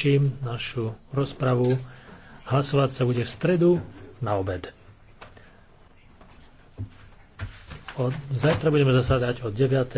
čím našu rozpravu hlasovať sa bude v stredu na obed. Od, zajtra budeme zasadať od 9.